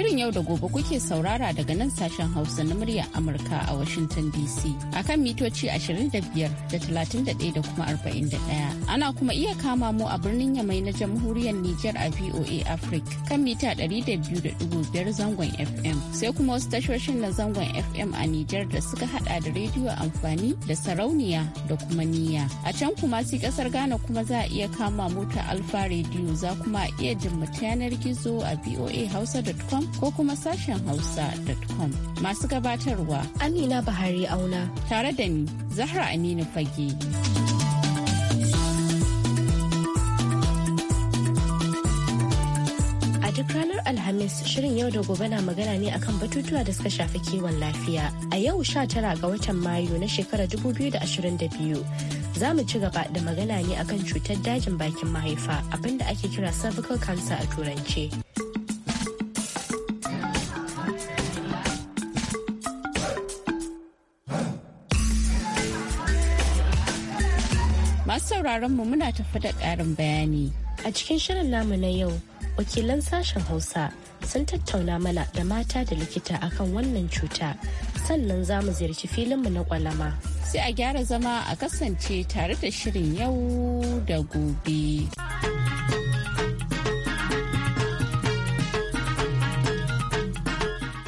Shirin yau da gobe kuke saurara daga nan sashen Hausa na murya Amurka a Washington DC a kan mitoci 25 da 31 da kuma 41. Ana kuma iya kama mu a birnin Yamai na jamhuriyar Nijar a VOA Africa kan mita 200.5 zangon FM. Sai kuma wasu tashoshin na zangon FM a Nijar da suka hada da rediyo amfani da sarauniya da kuma niyya. A can kuma si kasar Ghana kuma za a iya kama mu ta Alfa rediyo za kuma iya jin yanar gizo a voa hausa.com ko kuma sashen hausa.com masu gabatarwa amina bahari auna tare da ni zahra aminu fage a duk ranar alhamis shirin yau da gobe na magana ne akan batutuwa da suka shafi kiwon lafiya a yau sha tara ga watan mayu na shekarar 2022 za mu ci gaba da magana ne akan cutar dajin bakin mahaifa abinda ake kira cervical cancer a turance. sauraron mu muna tafi da ƙarin bayani. A cikin shirin namu na yau, wakilan sashen Hausa sun tattauna mana da mata da likita akan wannan cuta, sannan za mu ziyarci mu na kwalama. Sai a gyara zama a kasance tare da shirin yau da gobe.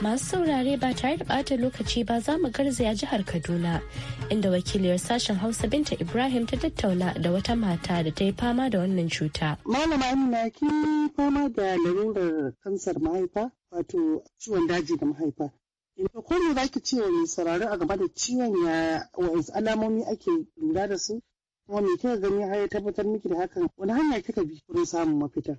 masu saurare ba tare da bata lokaci ba za mu garzaya jihar kaduna inda wakiliyar sashen hausa binta ibrahim ta tattauna da wata mata da ta yi fama da wannan cuta malama amina ki fama da lalurar kansar mahaifa wato ciwon daji da mahaifa to ko ne za ki ce wa mai a gaba da ciwon ya wa'insu alamomi ake lura da su kuma me kika gani har ya tabbatar miki da hakan wani hanya kika bi wurin samun mafita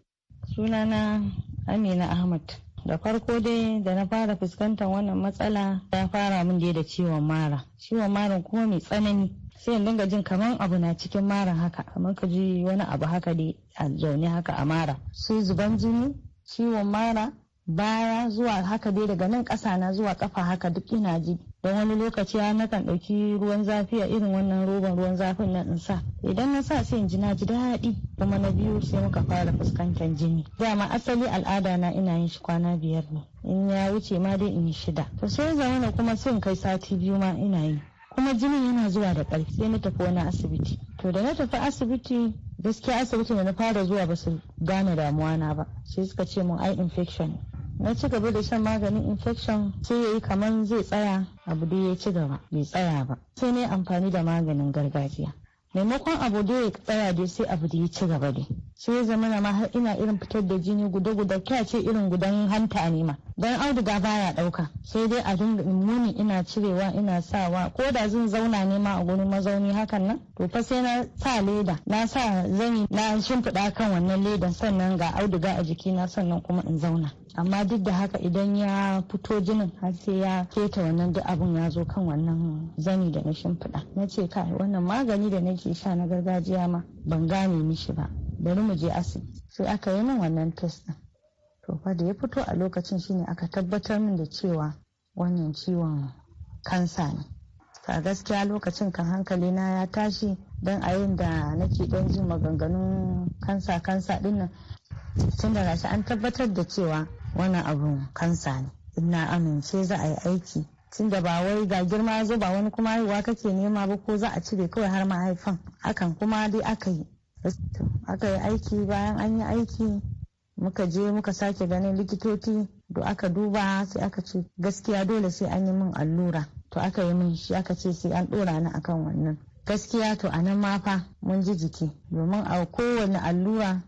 sunana amina ahmad da farko dai da na fara fuskantar wannan matsala ta fara min dai da ciwon mara ciwon mara kuma mai tsanani sai in dinga jin kamar abu na cikin mara haka kamar ka ji wani abu haka dai a zaune haka a mara sai zuban jini ciwon mara baya zuwa haka dai daga nan ƙasa na zuwa ƙafa haka duk ina ji don wani lokaci har na kan ɗauki ruwan zafi a irin wannan roban ruwan zafin nan in sa idan na sa sai in ji na ji daɗi kuma na biyu sai muka fara fuskantar jini dama asali al'ada na ina yin shi kwana biyar ne in ya wuce ma dai in yi shida to sai zamana kuma sun kai sati biyu ma ina yi kuma jinin yana zuwa da ƙarfi sai na tafi wani asibiti to da na tafi asibiti gaskiya asibitin da na fara zuwa ba su gane damuwa na ba sai suka ce mun ai infection na ci gaba da shan maganin infection sai ya yi kamar zai tsaya abu da ya ci gaba bai tsaya ba sai na amfani da maganin gargajiya maimakon abu da ya tsaya dai sai abu da ya ci gaba dai sai ya zama ma har ina irin fitar da jini guda-guda kya ce irin gudan hanta ne ma don auduga baya ɗauka sai dai a dinga muni ina cirewa ina sawa ko da zan zauna ne ma a gurin mazauni hakan nan to fa sai na sa leda na sa zani na shimfiɗa kan wannan ledan sannan ga auduga a jiki na sannan kuma in zauna amma duk da haka idan ya fito jinin har sai ya keta wannan duk abun ya zo kan wannan zani da na shimfiɗa na ce kai wannan magani da nake sha na gargajiya ma ban gane mishi ba bari mu je asibiti sai aka yi min wannan test din to fa da ya fito a lokacin shine aka tabbatar min da cewa wannan ciwon kansa ne a gaskiya lokacin kan hankali na ya tashi dan a yin da nake dan jin maganganun kansa kansa dinnan tun da shi an tabbatar da cewa wannan abun kansa ne in amince za a yi aiki tunda ba wai ga girma zo ba wani kuma haihuwa kake nema ba ko za a cire kawai har mahaifan hakan kuma dai aka yi aka yi aiki bayan an yi aiki muka je muka sake ganin likitoci da aka duba sai aka ce gaskiya dole sai an yi min allura to aka yi min shi aka ce sai an dora ni akan wannan gaskiya to a nan mafa mun ji jiki domin a kowane allura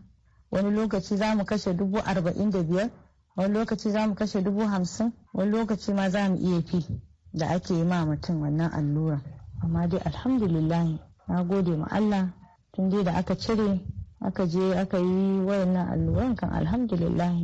wani lokaci za mu kashe dubu arba'in da biyar wani lokaci za mu kashe dubu hamsin wani lokaci ma za mu iya fi da ake yi ma mutum wannan allura amma dai alhamdulillah na gode ma Allah tun dai da aka cire aka je aka yi wayannan alluran kan alhamdulillah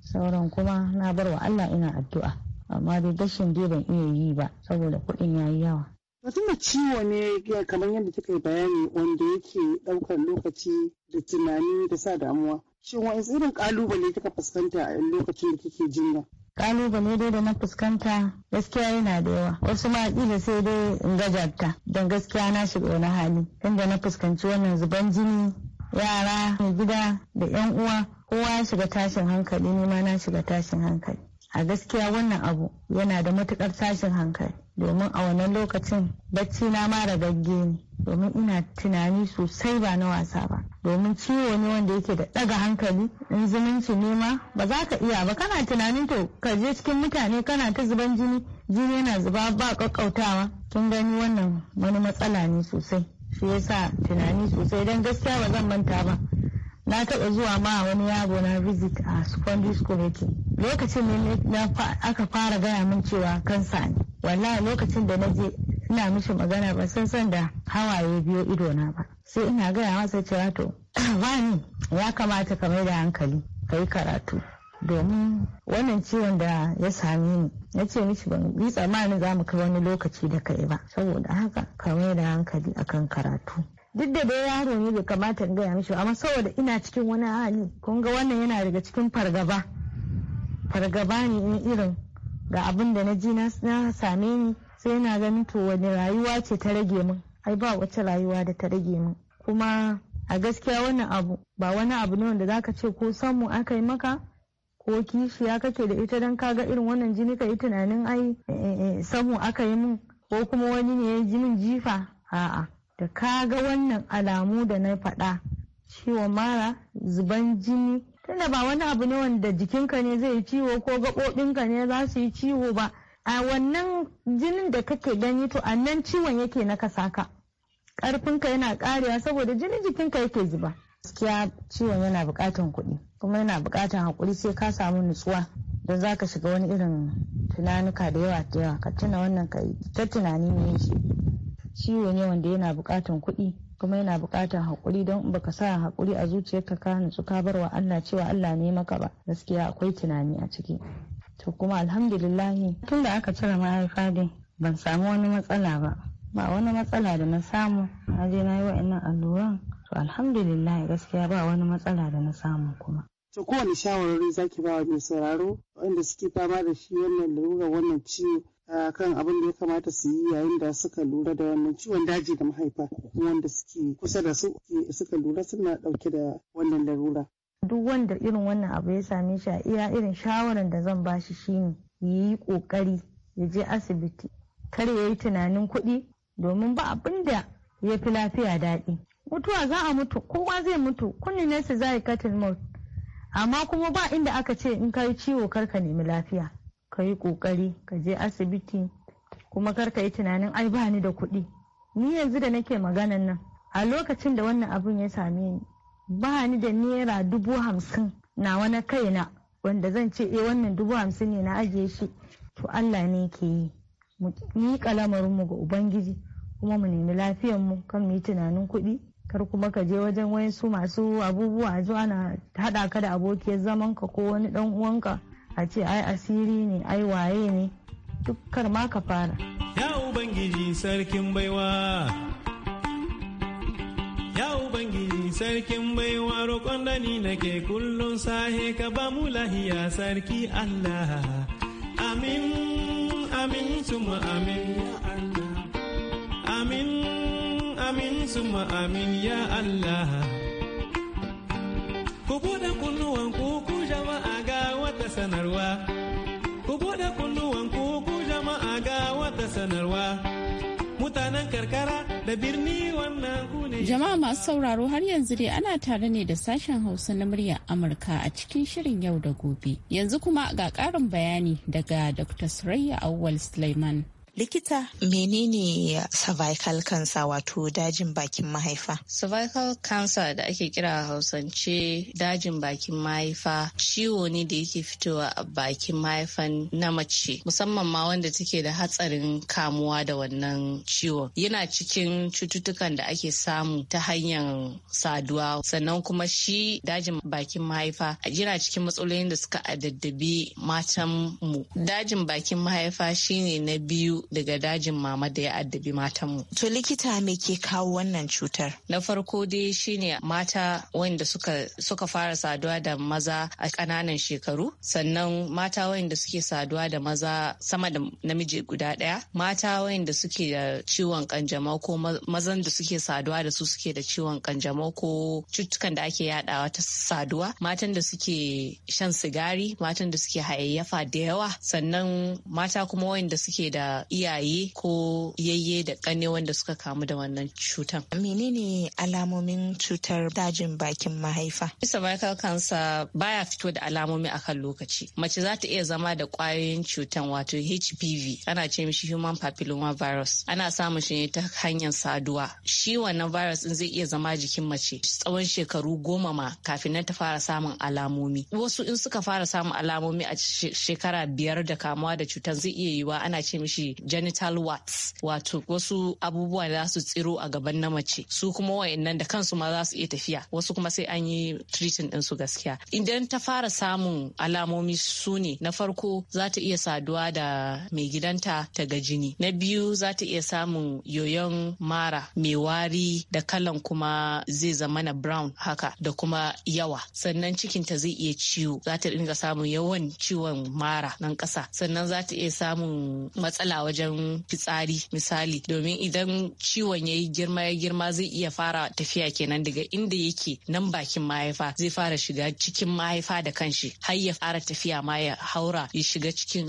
sauran kuma na bar wa Allah ina addu'a amma dai gashin dai ban iya yi ba saboda kuɗin ya yi yawa Fatima ciwo ne kamar yadda kika yi bayani wanda yake ɗaukar lokaci da tunani da sa damuwa. Shin wani irin kalubale kika fuskanta a lokacin da kike jinya? kalubale dai da na fuskanta gaskiya yana da yawa wasu ma kila sai dai in gajarta don gaskiya na shiga wani hali da na fuskanci wannan zuban jini yara mai gida da yan uwa kowa ya shiga tashin hankali ni ma na shiga tashin hankali a gaskiya wannan abu yana da matukar tashin hankali domin a wannan lokacin bacci na mara gagge ne domin ina tunani sosai ba na wasa ba domin ciwo ne wanda yake da daga hankali in zumunci ne ma ba za ka iya ba kana tunanin to ka je cikin mutane kana ta zuban jini jini yana zuba ba kakkautawa kin gani wannan wani matsala ne sosai shi yasa tunani sosai don gaskiya ba zan manta ba na taɓa zuwa ma wani yaro na visit a secondary school yake lokacin ne aka fara gaya min cewa kansa ne wallahi lokacin da na je ina mishi magana ba san san da hawaye biyo ido na ba sai ina gaya masa cewa to bani. ya kamata ka mai da hankali ka yi karatu domin wannan ciwon da ya same ni na ce mishi ban yi tsammanin za mu kai wani lokaci da kai ba saboda haka ka mai da hankali akan karatu duk da dai yaro ne bai kamata in gaya mishi amma saboda ina cikin wani hali kun ga wannan yana daga cikin fargaba fargaba ne in irin ga abin da na ji na same ni sai na ganin to wani rayuwa ce ta rage min ai ba wacce rayuwa da ta rage min kuma a gaskiya wannan abu ba wani abu ne wanda zaka ce ko samu aka yi maka ko kishiya kake da ita don kaga irin wannan jini ka yi tunanin ai eh, eh, samu aka yi min ko kuma wani ne ya ji min jifa a'a da kaga wannan alamu da na faɗa ciwon mara zuban jini tunda ba wani abu ne wanda jikinka ne zai yi ciwo ko gaɓoɓinka ne za su yi ciwo ba a wannan jinin da kake gani to a nan ciwon yake na kasaka ƙarfinka yana ƙarewa saboda jinin jikinka yake zuba gaskiya ciwon yana buƙatan kuɗi kuma yana buƙatan haƙuri sai ka samu nutsuwa don za ka shiga wani irin tunanuka da yawa da yawa ka tuna wannan ka ta tunani ne shi ciwo ne wanda yana buƙatan kuɗi kuma yana buƙatar haƙuri don ba baka sa haƙuri a zuciyarka ka nutsu ka bar wa Allah cewa Allah ne maka ba gaskiya akwai tunani a ciki to kuma alhamdulillahi tun da aka cire mahaifa dai ban samu wani matsala ba ba wani matsala da na samu na je na yi wa'annan alluran to alhamdulillah gaskiya ba wani matsala da na samu kuma to kowane shawarwari zaki ba wa mai sauraro wanda suke fama da shi wannan lura wannan ciwo kan abin da ya kamata su yi yayin da suka lura da wannan ciwon daji da mahaifa wanda suke kusa da su suka lura suna dauke da wannan larura duk wanda irin wannan abu ya same shi a iya irin shawaran da zan bashi shine yi kokari ya je asibiti kar ya yi tunanin kuɗi domin ba abin da ya fi lafiya daɗi mutuwa za a mutu kowa zai mutu kunni nesa za a katil mouth, amma kuma ba inda aka ce in kai ciwo kar ka nemi lafiya ka yi ƙoƙari ka je asibiti kuma kar ka yi tunanin ai ba ni da kuɗi ni yanzu da nake maganan nan a lokacin da wannan abun ya same ni ba ni da naira dubu hamsin na wani na wanda zan ce eh wannan dubu hamsin ne na ajiye shi to Allah ne ke yi mu miƙa mu ga ubangiji kuma mu nemi lafiyar mu kan mu yi tunanin kuɗi kar kuma ka je wajen wayansu masu abubuwa zuwa na haɗa ka da abokiyar ka ko wani dan uwanka a ce ai asiri ne ai waye ne dukkar ma ka fara ya ubangiji sarkin baiwa ya ubangiji sarkin baiwa roƙon da ni nake kullum sahe ka ba mu lahiya sarki allah amin amin suma amin ya allah amin amin suma amin ya allah Ku buɗe kunnuwanku ku jama'a ga wata sanarwa. Ku buɗe kunnuwanku ku jama'a ga wata sanarwa. Mutanen karkara da birni wannan ku ne. Jama'a masu sauraro har yanzu dai ana tare ne da sashen Hausa na muryar Amurka a cikin shirin yau da gobe. Yanzu kuma ga ƙarin bayani daga Dr. Surayya Awwal Sulaiman. likita menene cervical cancer wato dajin bakin mahaifa cervical cancer da ake kira a hausance dajin bakin mahaifa ciwo ne da yake fitowa a bakin mahaifan na mace musamman ma wanda take da hatsarin kamuwa da wannan ciwo yana cikin cututtukan da ake samu ta hanyar saduwa sannan kuma shi dajin bakin mahaifa yana cikin matsalolin da suka adaddabi matan mu dajin bakin mahaifa shine na biyu daga dajin mama da ya addabi matan mu. To likita me ke kawo wannan cutar? Na farko dai shine mata wanda suka, fara saduwa da maza a ƙananan shekaru, sannan mata wanda suke saduwa da maza sama da namiji guda ɗaya, mata wanda suke da ciwon kanjamau ko mazan da suke saduwa da su suke da ciwon kanjamau ko cututtukan da ake yadawa ta saduwa, matan da suke shan sigari, matan da suke hayayyafa da yawa, sannan mata kuma wanda suke da iyaye ko yayye da ƙane wanda suka kamu da wannan cutan. Menene alamomin cutar dajin bakin mahaifa? Cervical cancer baya fito da alamomi a kan lokaci. Mace za ta iya zama da kwayoyin cutan wato HPV ana ce mishi human papilloma virus. Ana samun shi ne ta hanyar saduwa. Shi wannan virus in zai iya zama jikin mace tsawon shekaru goma ma kafin nan ta fara samun alamomi. Wasu in suka fara samun alamomi a shekara biyar da kamuwa da cutan zai iya yiwa ana ce mishi genital warts wato wasu abubuwa da su tsiro a gaban na mace su kuma wayannan da kansu ma za su iya tafiya wasu kuma sai an yi treating din su gaskiya idan ta fara samun alamomi su ne na farko za ta iya saduwa da mai gidanta ta ga jini na biyu za ta iya samun yoyon mara mai wari da kalan kuma zai zama na brown haka da kuma yawa sannan cikinta zai iya ciwo za ta dinga samun yawan ciwon mara nan ƙasa sannan za ta iya samun matsala wajen fitsari misali domin idan ciwon ya yi girma ya girma zai iya fara tafiya kenan daga inda yake nan bakin mahaifa zai fara shiga cikin mahaifa da kanshi har ya fara tafiya ma ya haura ya shiga cikin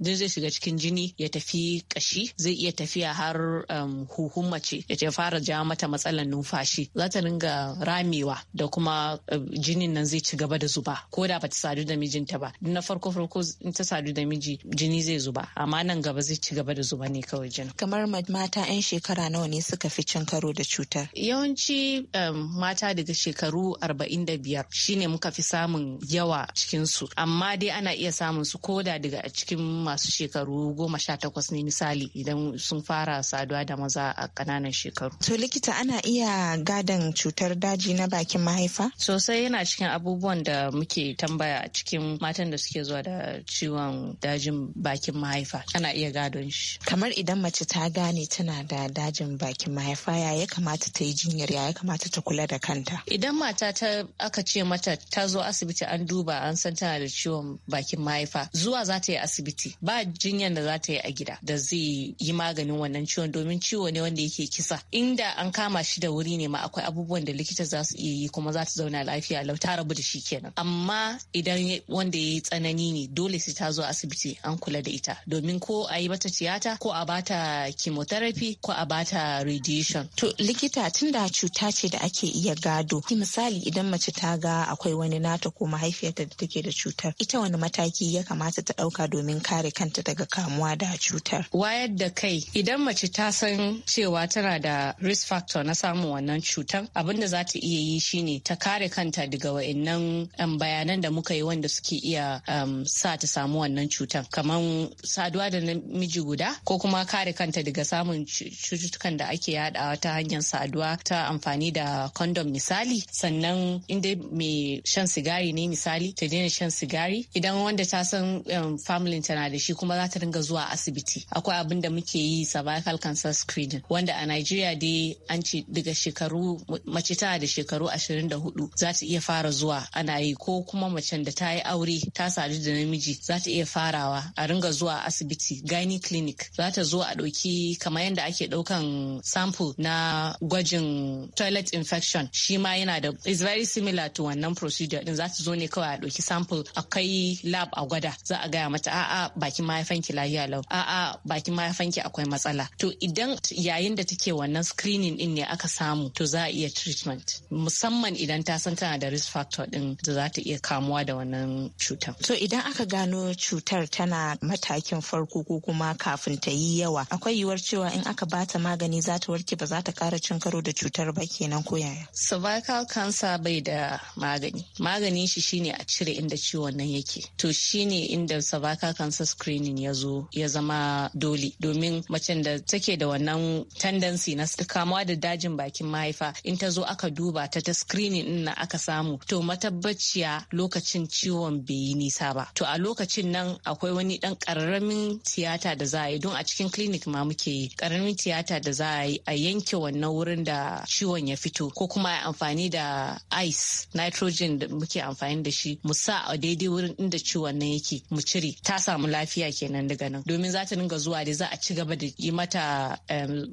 zai shiga cikin jini ya tafi kashi zai iya tafiya har um, huhun mace ya fara ja mata matsalar numfashi za ta ringa ramewa da kuma um, jinin nan zai ci gaba da zuba ko da bata sadu da mijinta ba na farko farko in ta sadu da miji jini zai zuba amma nan gaba ba zai ci gaba da zuba ne kawai jin. Kamar mata 'yan shekara nawa ne suka fi cin karo da cutar? Yawanci um, mata daga shekaru 45 shine muka fi samun yawa cikinsu. Amma dai ana iya samun su koda daga cikin masu shekaru 18 ne misali idan sun fara saduwa da maza a kananan shekaru. To likita ana iya gadon cutar daji na bakin mahaifa? Sosai yana cikin abubuwan da muke tambaya cikin matan da suke zuwa da ciwon dajin bakin mahaifa. Ana iya gadon shi kamar idan mace ta gane tana da dajin bakin mahaifa ya ya kamata ta yi jinyar ya ya kamata ta kula da kanta idan mata ta aka ce mata ta zo asibiti an duba an san tana da ciwon bakin mahaifa zuwa za ta yi asibiti ba jinyar da za ta yi a gida da zai yi maganin wannan ciwon domin ciwo ne wanda yake kisa inda an kama shi da wuri ne ma akwai abubuwan da likita za su iya yi kuma za ta zauna lafiya lau ta rabu da shi kenan amma idan wanda ya yi tsanani ne dole sai ta zo asibiti an kula da ita domin ko a yi mata tiyata ko a bata chemotherapy ko a bata radiation. To likita tunda cuta ce da ake iya gado misali idan mace ta ga akwai wani nata ko mahaifiyarta da take da cutar ita wani mataki ya kamata ta ɗauka domin kare kanta daga kamuwa da cutar. Wayar da kai idan mace ta san cewa tana da risk factor na samun wannan cutar abin da za ta iya yi shine ta kare kanta daga wa'annan um, bayanan da muka yi wanda suke iya um, sa ta samu wannan cutar kamar saduwa da miji guda ko kuma kare kanta daga samun cututtukan da ake yadawa ta hanyar saduwa ta amfani da kondom misali sannan inda mai shan sigari ne misali ta daina shan sigari idan wanda ta san um, familin tana da shi kuma za ta ringa zuwa asibiti akwai abin da muke yi cervical cancer screening wanda a Najeriya dai an ce daga shekaru mace tana da shekaru 24 za ta iya fara zuwa ana yi ko kuma macen da ta yi aure ta sadu da namiji za ta iya farawa a ringa zuwa asibiti gani clinic za ta zo a ɗauki kamar yadda ake ɗaukan sample na gwajin toilet infection shi ma yana da is very similar to wannan procedure din za ta zo ne kawai a ɗauki sample a kai lab a gwada za a gaya mata a'a bakin mahaifanki lafiya lau a'a bakin mahaifanki akwai matsala to idan yayin da take wannan screening din ne aka samu to za a iya treatment musamman idan ta san tana da risk factor din da za ta iya kamuwa da wannan cutar to idan aka gano cutar tana matakin farko ko kuma kafin ta yi yawa akwai yiwuwar cewa in aka bata magani za ta warke ba za ta kara cin karo da cutar ba kenan ko yaya cervical cancer bai da magani maganin shi shine a cire inda ciwon nan yake to shine inda cervical cancer screening ya zo ya zama dole domin mace da take da wannan tendency na kamuwa da dajin bakin mahaifa in ta zo aka duba ta ta screening din na aka samu to matabbaciya lokacin ciwon bai yi nisa ba to a lokacin nan akwai wani dan karamin tiyata tiyata da za a yi don a cikin clinic ma muke yi karamin tiyata da za a yi a yanke wannan wurin da ciwon ya fito ko kuma a amfani da ice nitrogen da muke amfani da shi mu sa a daidai wurin inda ciwon nan yake mu cire ta samu lafiya kenan daga nan domin za ta dinga zuwa da za a ci gaba da yi mata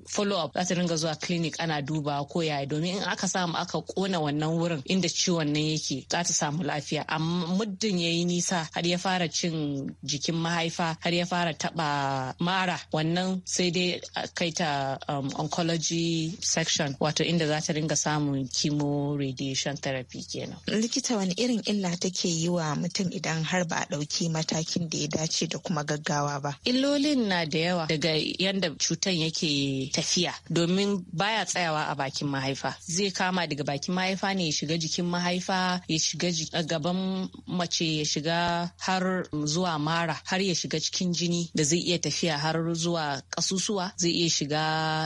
follow up za ta dinga zuwa clinic ana duba ko yaya domin in aka samu aka kona wannan wurin inda ciwon nan yake za ta samu lafiya amma muddin yayi nisa har ya fara cin jikin mahaifa har ya fara taba a uh, mara wannan sai dai a kai ta um, oncology section wato inda za ta ringa samun chemo radiation therapy kenan. Likita wani irin illa take yi wa mutum idan har ba a ɗauki matakin da ya dace da kuma gaggawa ba. Illolin na da yawa daga yanda cutan yake tafiya domin baya tsayawa a bakin mahaifa. Zai kama daga bakin mahaifa ne ya shiga jikin mahaifa ya shiga gaban mace ya shiga har zuwa mara har ya shiga cikin jini da zai zai iya tafiya har zuwa kasusuwa zai iya shiga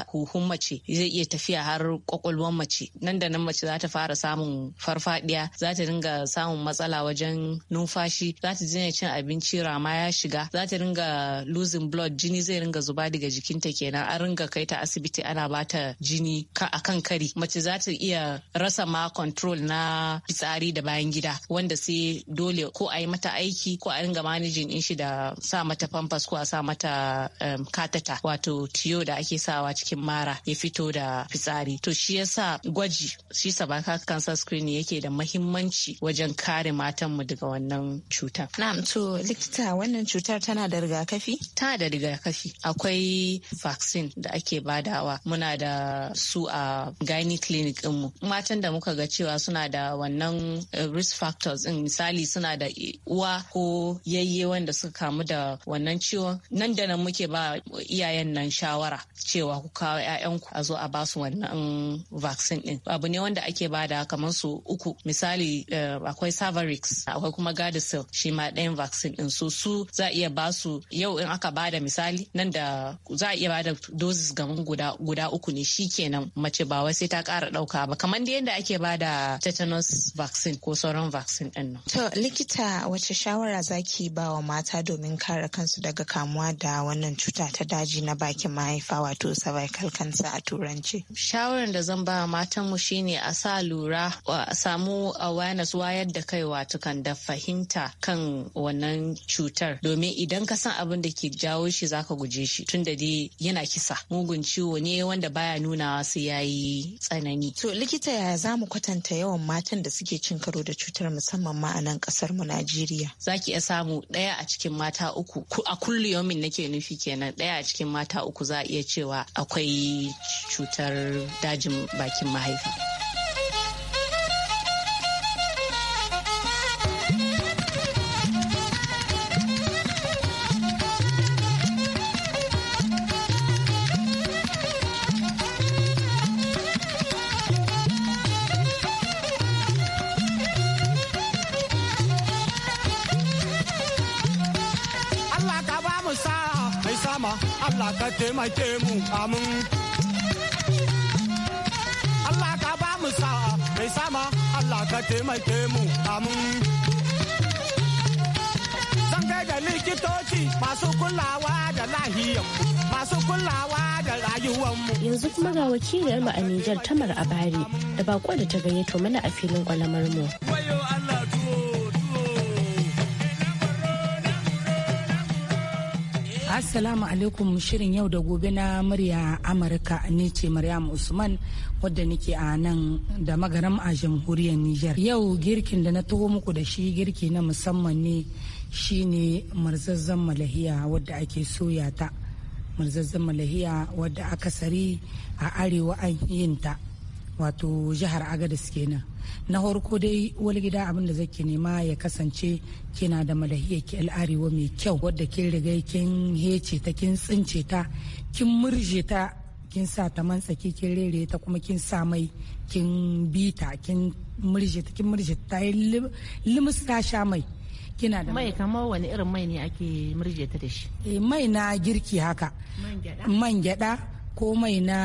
huhun mace zai iya tafiya har kwakwalwar mace nan da nan mace za ta fara samun farfadiya za ta dinga samun matsala wajen numfashi za ta dinga cin abinci rama ya shiga za ta dinga losing blood jini zai ringa zuba daga jikinta kenan an ringa kai ta asibiti ana bata jini a kan kari mace za ta iya rasa ma control na fitsari da bayan gida wanda sai dole ko a yi mata aiki ko a ringa managing din shi da sa mata pampers ko a sa mata katata um, wato tiyo da ake sawa cikin mara ya fito da fitsari to shi yasa gwaji shi sabaka cancer screen yake da mahimmanci wajen kare matanmu daga wannan cutar na'am to likita wannan cutar tana da rigakafi tana da rigakafi akwai vaccine da ake badawa muna da su a gani clinic mu matan da muka ga cewa suna da wannan uh, risk factors in misali suna da uwa ko yayye wanda suka kamu da wannan ciwon nan da nan muke ba iyayen nan shawara cewa ku kawo 'ya'yanku a zo a ba su wannan vaccine din abu ne wanda ake bada kamar su uku misali eh, akwai savarix akwai kuma gardasil shi ma ɗayan vaccine din so su za a iya su yau in aka bada misali nan da za a iya da doses gaban guda guda uku ne shi kenan mace ba wai sai ta kara ɗauka ba kamar da yadda ake ba da tetanus vaccine ko sauran vaccine din nan. To likita wace shawara zaki ba wa mata domin kare kansu daga kamuwa kamuwa da wannan cuta ta daji na bakin mahaifa wato cervical cancer a turanci. Shawarar da zan ba matan mu shine a sa lura a samu awareness wayar da kai wato kan da fahimta kan wannan cutar domin idan ka san abin da ke jawo shi zaka guje shi tun da dai yana kisa mugun ciwo ne wanda baya nunawa sai yayi tsanani. To likita yaya za mu kwatanta yawan matan da suke cin karo da cutar musamman ma a nan kasar mu Najeriya? Zaki iya samu ɗaya a cikin mata uku a kullum min nake nufi kenan ɗaya a cikin mata uku za a iya cewa akwai cutar dajin bakin mahaifa. taimake mu amin Allah ka ba mu sa mai sama Allah ka taimake mu amin zan kai da likitoci masu kulawa da lahiyar masu kulawa da mu. yanzu kuma ga wakiliyar mu a Nijar Tamar Abari da bako da ta gayyato mana a filin kwalamar mu. Assalamu alaikum shirin yau da gobe na murya Amurka ne ce Maryam Usman wadda nake a nan da magaram a jamhuriyar Nijar. Yau girkin da na taho muku da shi girki na musamman ne shi ne marzazzan malahiya wadda ake soya ta. Marzazzan malahiya wadda sari a arewa an yinta wato jihar Agadis kenan. na farko dai wani gida abin da zake nema ya kasance kina da malahiyar ki al'arewa mai kyau wadda kin riga kin hece ta kin tsince ta kin murje ta kin sa ta man tsaki kin rere ta kuma kin sa mai kin bita kin murje ta kin murje ta limus ta sha mai kina da mai kamar wani irin mai ne ake murje ta da shi eh, mai na girki haka man gyada ko mai na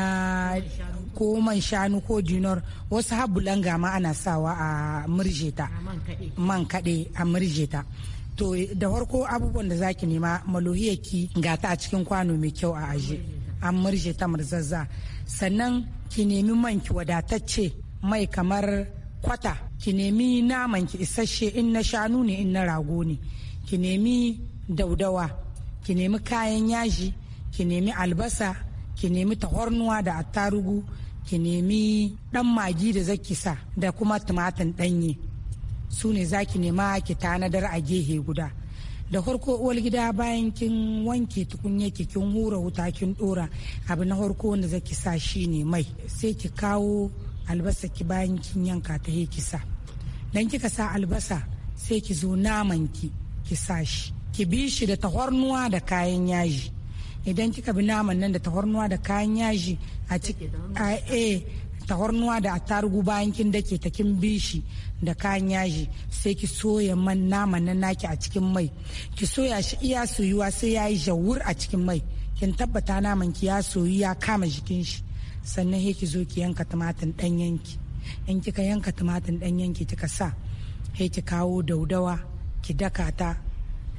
ko man shanu ko dinar wasu habulan gama ana sawa a murje ta man kaɗe a murje ta to da farko abubuwan da zaki nema malohiyarki ga ta a cikin kwano mai kyau a aje an murje ta murzazza sannan ki nemi manki wadatacce mai kamar kwata ki nemi naman ki isasshe in na shanu ne in na rago ne ki nemi daudawa ki nemi kayan yaji ki nemi albasa ki nemi tahornuwa da attarugu ki nemi dan magi da zaki sa da kuma tumatin ɗanye su ne za ki nema ki tanadar a gehe guda da farko uwar gida bayan kin wanke tukunya ki kin hura wuta kin dora abu na farko wanda zaki sa shi ne mai sai ki kawo albasa ki bayan kin yanka ta he ki sa dan kika sa albasa sai ki zo naman ki ki sa shi ki bi shi da tahornuwa da kayan yaji idan kika bi naman nan da tahornuwa da kayan yaji a eh tahornuwa da attarugu bayan kin dake ta kin bi shi da kayan yaji sai ki soya man naman nan naki a cikin mai ki soya shi iya soyuwa sai yayi jawur a cikin mai kin tabbata naman ki ya soyu ya kama jikin shi sannan he ki zo ki yanka tumatir dan yanki in kika yanka tumatir dan yanki kika sa he ki kawo daudawa ki daka ta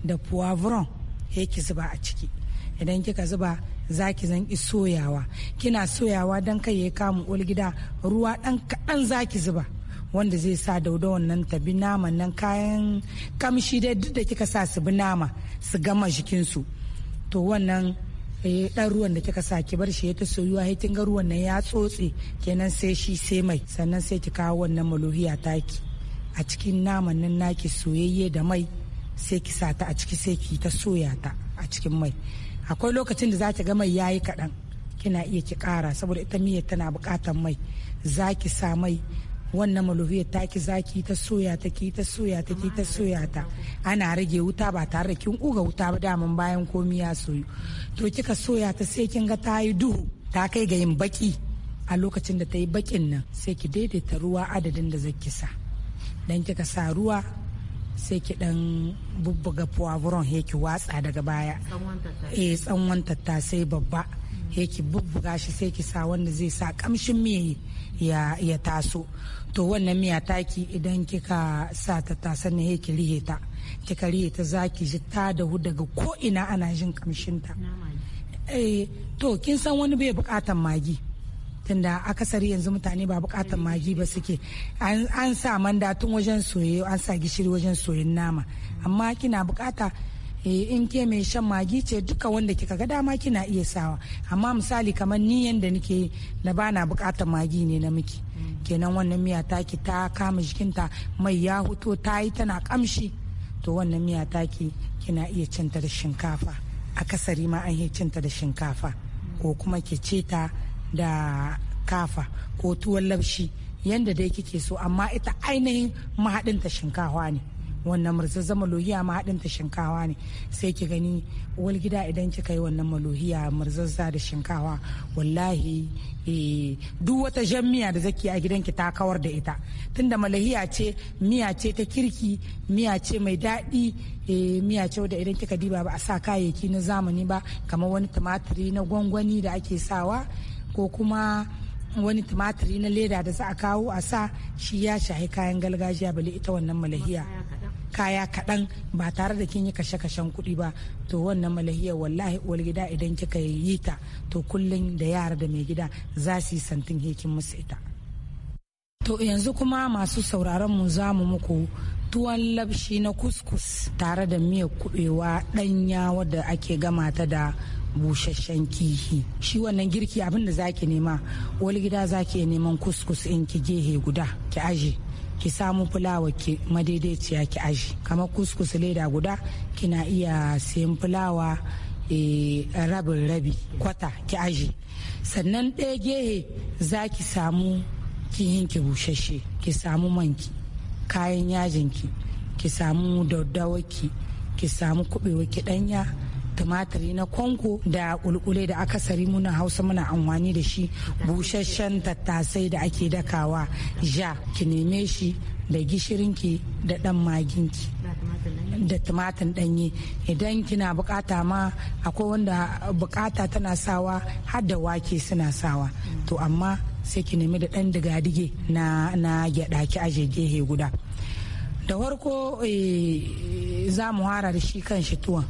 da puwavron he ki zuba a ciki idan kika zuba zaki ki zan soyawa kina soyawa don kai ya kamun olgida ruwa ɗan kaɗan za zuba wanda zai sa Dauda wannan ta bi naman nan kayan kamshi dai duk da kika sa su bi nama su gama jikinsu to wannan eh, ɗan ruwan da kika sa ki bar shi ya ta soyuwa ya kin ruwan nan ya tsotse kenan sai shi sai mai sannan sai ki kawo wannan maluhiya taki a cikin naman nan naki soyayye da mai sai ki sa ta a ciki sai ki ta soya ta a cikin mai akwai lokacin da za ki ga mai yayi kaɗan kina iya ki ƙara saboda ita miyar tana buƙatar mai za ki sa mai wannan ki taki zaki ta soya ta ki ta soya ta ki ta soya ta ana rage wuta ba tare da kin kuga wuta ba daman bayan komi ya soyu to kika soya ta sai kin ga ta yi duhu ta kai ga yin baki a lokacin da ta yi bakin nan sai ki daidaita ruwa adadin da zaki sa dan kika sa ruwa sai ki dan bubbuga puwavuron he ki watsa daga baya eh tsawon tattasai babba he ki bubbuga shi sai ki sa wanda zai sa kamshin miya ya, ya taso to wannan miya taki idan kika sa tatta ne he ki rihe ta kika rihe ta zaki ji ta dahu daga ko ina ana jin kamshin ta eh to kin san wani bai bukatan magi tunda akasari yanzu mutane ba bukatan magi ba suke an sa manda tun wajen soye an sa gishiri wajen soyin nama amma kina bukata eh, in ke mai shan magi ce duka wanda kika ga dama kina iya sawa amma misali kamar ni yanda nake na bana bukatan magi ne na miki kenan wannan miya ta taki ta kama jikinta mai ya huto ta yi tana kamshi to wannan miya ta taki kina iya cinta da shinkafa akasari ma an cinta da shinkafa ko kuma ke ce ta da kafa ko tuwon labshi yadda dai kike so amma ita ainihin mahaɗinta shinkawa ne wannan murzaza malohiya mahaɗinta shinkawa ne sai ki gani walgida idan kika yi wannan malohiya murzazza da shinkawa wallahi eh, duk wata jan miya da zaki a gidanki ta kawar da ita tunda malahiya ce miya ce ta kirki miya ce mai daɗi eh, miya ce da idan kika diba ba a sa kayayyaki na zamani ba kamar wani tumatiri na gwangwani da ake sawa ko kuma wani tumatiri na leda da za a kawo a sa shi ya shahi kayan galgajiya bale ita wannan malahiya kaya kaɗan ba tare da kin yi kashe-kashen kuɗi ba to wannan malahiya wallahi uwar gida idan kika yi ta to kullum da yara da mai gida za su yi santin hekin musu ita to yanzu kuma masu sauraron mu za mu muku tuwon labshi na kuskus tare da miyar kuɓewa ɗanya wadda ake gama ta da busasshen kihi shi wannan girki abin da zaki nema wani gida zaki neman kuskus in ki gehe guda ki aje ki samu fulawa ki madaidaiciya ki aje kamar kuskus leda guda kina iya sayan fulawa eh, rabin rabi kwata ki aji sannan ɗaya gehe zaki samu kihin ki bushashe ki samu manki kayan yajinki ki samu daddawaki ki samu kuɓewa ki ɗanya tumatiri na kwanko da kulkule da akasari muna hausa muna amfani da shi busasshen tattasai da ake dakawa ja ki neme shi da gishirinki da dan maginki da tumatir danye idan kina bukata ma akwai wanda bukata tana sawa har da wake suna sawa to amma sai ki nemi da dan digadige na na gyaɗa ki aje gehe guda da farko eh, za mu hara da shi kan shi tuwon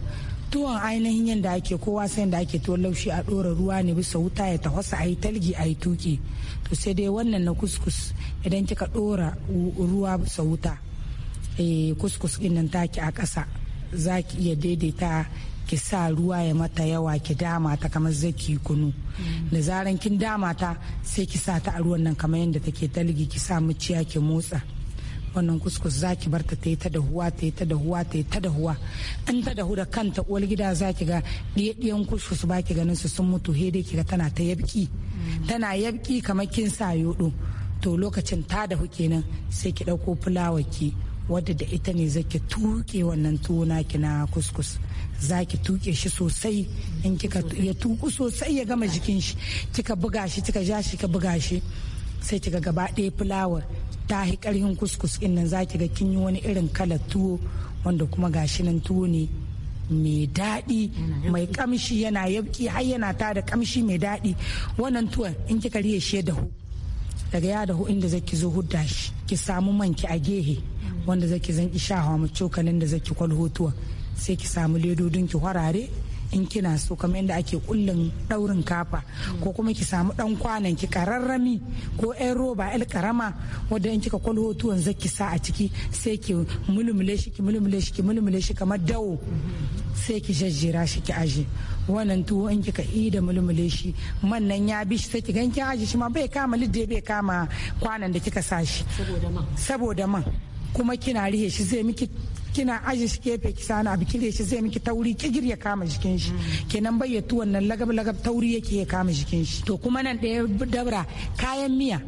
tuwon ainihin yadda ake kowa sai da ake tuwon laushi a ɗora ruwa ne bisa wuta ya tafasa a yi talgi a yi tuki to sai dai wannan na kuskus idan kika ɗora ruwa bisa wuta eh, kuskus ɗin nan taki a ƙasa za ki iya daidaita ki sa ruwa ya mata yawa ki dama ta kamar zaki kunu mm. da zaran kin dama ta sai ki sa ta a ruwan nan kamar yadda take talgi ki sa muciya ki motsa wannan kuskus za ki barta ta yi ta dahuwa ta yi ta dahuwa ta yi ta dahuwa in ta dahu da kanta uwar gida za ki ga ɗiyaɗiyan kuskus ba ki ganin su sun mutu he dai kiga tana ta yabki mm. tana yabki kamar kin sa yodo to lokacin ta dahu kenan sai ki ɗauko fulawa ki wadda da ita ne ki tuke wannan tuwo naki na kuskus za ki tuke shi sosai in kika ya tuku sosai ya gama jikin shi kika buga shi kika ja shi kika buga shi sai kika gaba ɗaya fulawar ta yi karhin kuskus din nan zaki ga kin yi wani irin kalar tuwo wanda kuma gashi nan tuwo ne mai daɗi mai kamshi yana yabki har yana ta da kamshi mai daɗi wannan tuwon in kika riye shi da hu daga ya da hu inda zaki zo hudda shi ki samu manki a gehe wanda zaki zanki ki sha hawa cokalin da zaki kwalho tuwon sai ki samu ledodin ki warare in kina so kamar yadda ake kullin daurin kafa ko kuma ki samu dan kwanan ki kararrami ko yan roba el karama wanda in kika kwalho tuwon zaki sa a ciki sai ki mulmule shi ki mulmule shi ki mulmule shi kamar dawo sai ki jajjera shi ki aje wannan tuwo in kika yi da mulmule shi man nan ya bi shi sai ki gan ki aje shi ma bai kama lidde bai kama kwanan da kika sa shi saboda man kuma kina rihe shi zai miki kina aji shi kefe ki sani abu kire shi zai miki tauri kigir ya kama jikin shi kenan bayyatu wannan lagab lagab tauri yake ya kama jikin shi to kuma nan da dabra kayan miya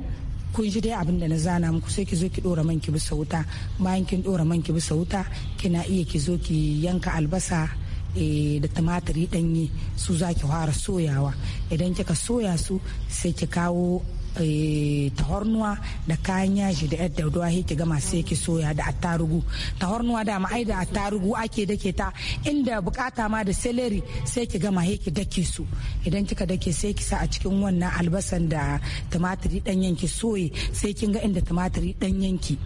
kun ji dai abin da na zana muku sai ki zo ki dora man ki bisa wuta bayan kin dora man ki bisa wuta kina iya ki zo ki yanka albasa eh, da tumatiri danyi su zaki ki fara soyawa idan kika soya su sai ki kawo Eh, tahornuwa da kayan yaji da yadda daudawa yake gama sai ki soya da attarugu tahornuwa da ma'ai da attarugu ake dake ta inda bukata ma da celery sai ki gama yake dake su idan kika dake sai ki sa a cikin wannan albasan da tumatiri dan ki soye sai kin ga inda tumatiri dan ki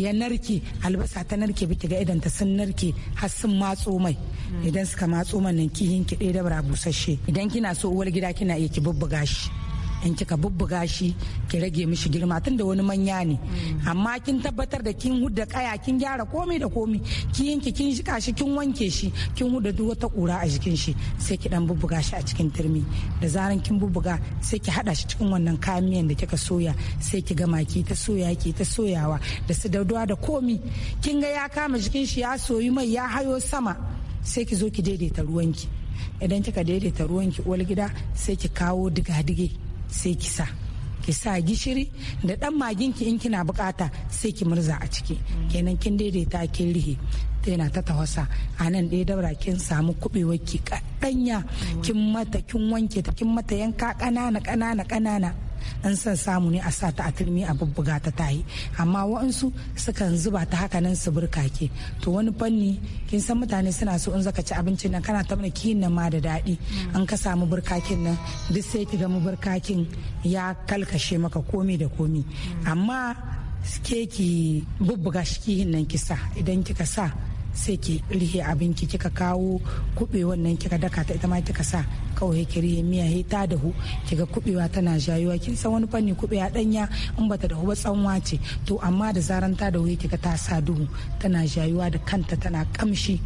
ya narke albasa ta narke biki ga idan ta sun narke har sun matso mai idan suka matso mai nan kihin ki ɗaya da busasshe idan kina so uwar gida kina iya ki bubbuga shi in kika bubbuga shi ki rage mishi girma tun da wani manya ne amma kin tabbatar da kin hudda kaya kin gyara komai da komai ki yanke kin shika shi kin wanke shi kin hudda duk wata kura a jikin shi sai ki dan bubbuga shi a cikin turmi da zaran kin bubbuga sai ki hada shi cikin wannan kayan miyan da kika soya sai ki gama ki ta soya ki ta soyawa da su daudawa da komai kin ga ya kama jikin shi ya soyu mai ya hayo sama sai ki zo ki daidaita ruwanki idan kika daidaita ruwanki uwar gida sai ki kawo diga-dige sai ki sa ki sa gishiri da dan magin in kina bukata sai ki murza a ciki kenan kin daidaita kin rihe yana ta tawasa a nan ɗaya daura kin samu kuɓewar ki kaɗanya kin mata kin wanke ta kin mata yanka ƙanana ƙanana ƙanana in son samu ne a sata a turmi a bubbuga ta tayi amma wa'ansu sukan zuba ta haka nan su burkake to wani fanni kin san mutane suna so in zaka ci abincin nan kana mana kiyin nan ma da daɗi mm. an ka samu burkakin nan duk sai ki ga mu burkakin ya kalkashe maka komi da komi mm. amma keki bubbuga shi kihin nan kisa idan kika sa sai ki rihe abinki kika kawo kube wannan kika daka ta ita ma kika sa kawai ki rihe miya he ta dahu kiga kubewa tana jayuwa kin san wani fanni kubewa danya in bata dahu ba tsanwa ce to amma da zaran ta dahu kiga ta sa duhu tana jayuwa da kanta tana kamshi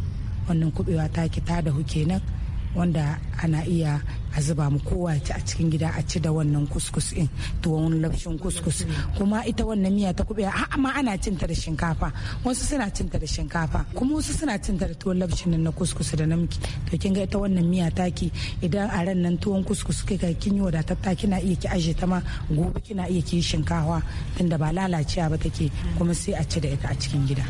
wannan kubewa ta ki ta dahu kenan wanda ana iya a zuba mu kowa a cikin gida a ci da wannan kuskus in tuwon lafshin kuskus kuma ita wannan miya ta a amma ana cin ta da shinkafa wasu suna cin ta da shinkafa kuma wasu suna cin ta da tuwon lafshin nan na kuskus da namki to kin ga ita wannan miya taki idan a ran nan tuwon kuskus kai kika kin yi wadatatta kina iya ki aje ta ma gobe kina iya ki shinkafa tunda ba lalacewa ba take kuma sai a ci da ita a cikin gida.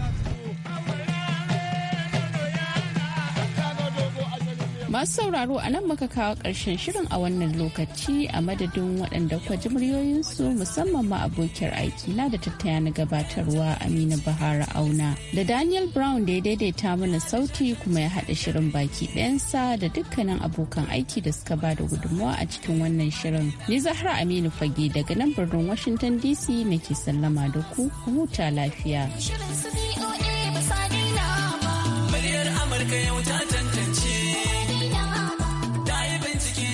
Masu sauraro a nan muka kawo ƙarshen shirin a wannan lokaci a madadin waɗanda kwa ji musamman ma abokiyar aiki na da tattaya na gabatarwa Amina Bahara Auna da Daniel Brown da ya daidaita mana sauti kuma ya haɗa shirin baki ɗayansa da dukkanin abokan aiki da suka ba da gudunmawa a cikin wannan shirin. Ni Zahra Aminu Fage daga nan birnin Washington DC nake sallama da ku huta lafiya. ta